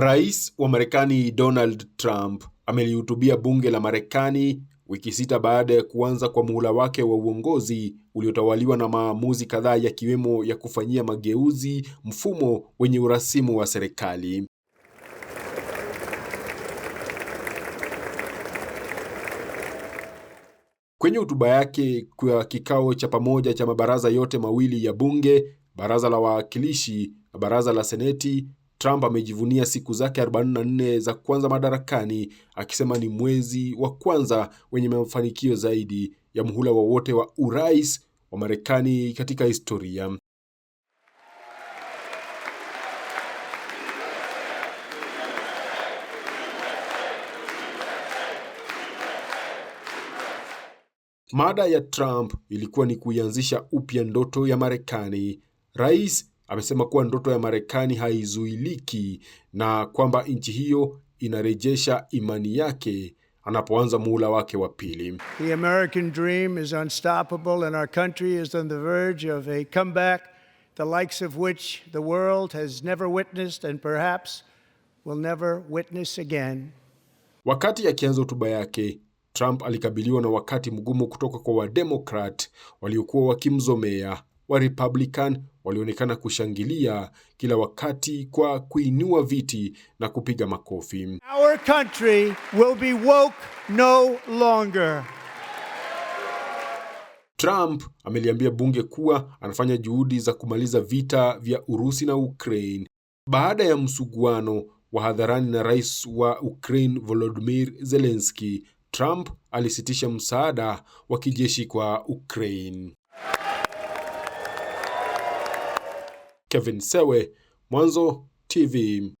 Rais wa Marekani Donald Trump amelihutubia bunge la Marekani wiki sita baada ya kuanza kwa muhula wake wa uongozi uliotawaliwa na maamuzi kadhaa yakiwemo ya kufanyia mageuzi mfumo wenye urasimu wa serikali. Kwenye hotuba yake kwa kikao cha pamoja cha mabaraza yote mawili ya bunge, baraza la wawakilishi na baraza la seneti, Trump amejivunia siku zake 44 za kwanza madarakani akisema ni mwezi wa kwanza wenye mafanikio zaidi ya muhula wowote wa, wa urais wa Marekani katika historia. Mada ya Trump ilikuwa ni kuianzisha upya ndoto ya Marekani. Rais amesema kuwa ndoto ya Marekani haizuiliki na kwamba nchi hiyo inarejesha imani yake anapoanza muhula wake wa pili. The American dream is unstoppable and our country is on the verge of a comeback the likes of which the world has never witnessed and perhaps will never witness again. Wakati akianza ya hotuba yake, Trump alikabiliwa na wakati mgumu kutoka kwa Wademokrat waliokuwa wakimzomea wa Republican walionekana kushangilia kila wakati kwa kuinua viti na kupiga makofi. Our country will be woke no longer. Trump ameliambia bunge kuwa anafanya juhudi za kumaliza vita vya Urusi na Ukraine baada ya msuguano wa hadharani na rais wa Ukraine Volodymyr Zelensky. Trump alisitisha msaada wa kijeshi kwa Ukraine. Kevin Sewe, Mwanzo TV.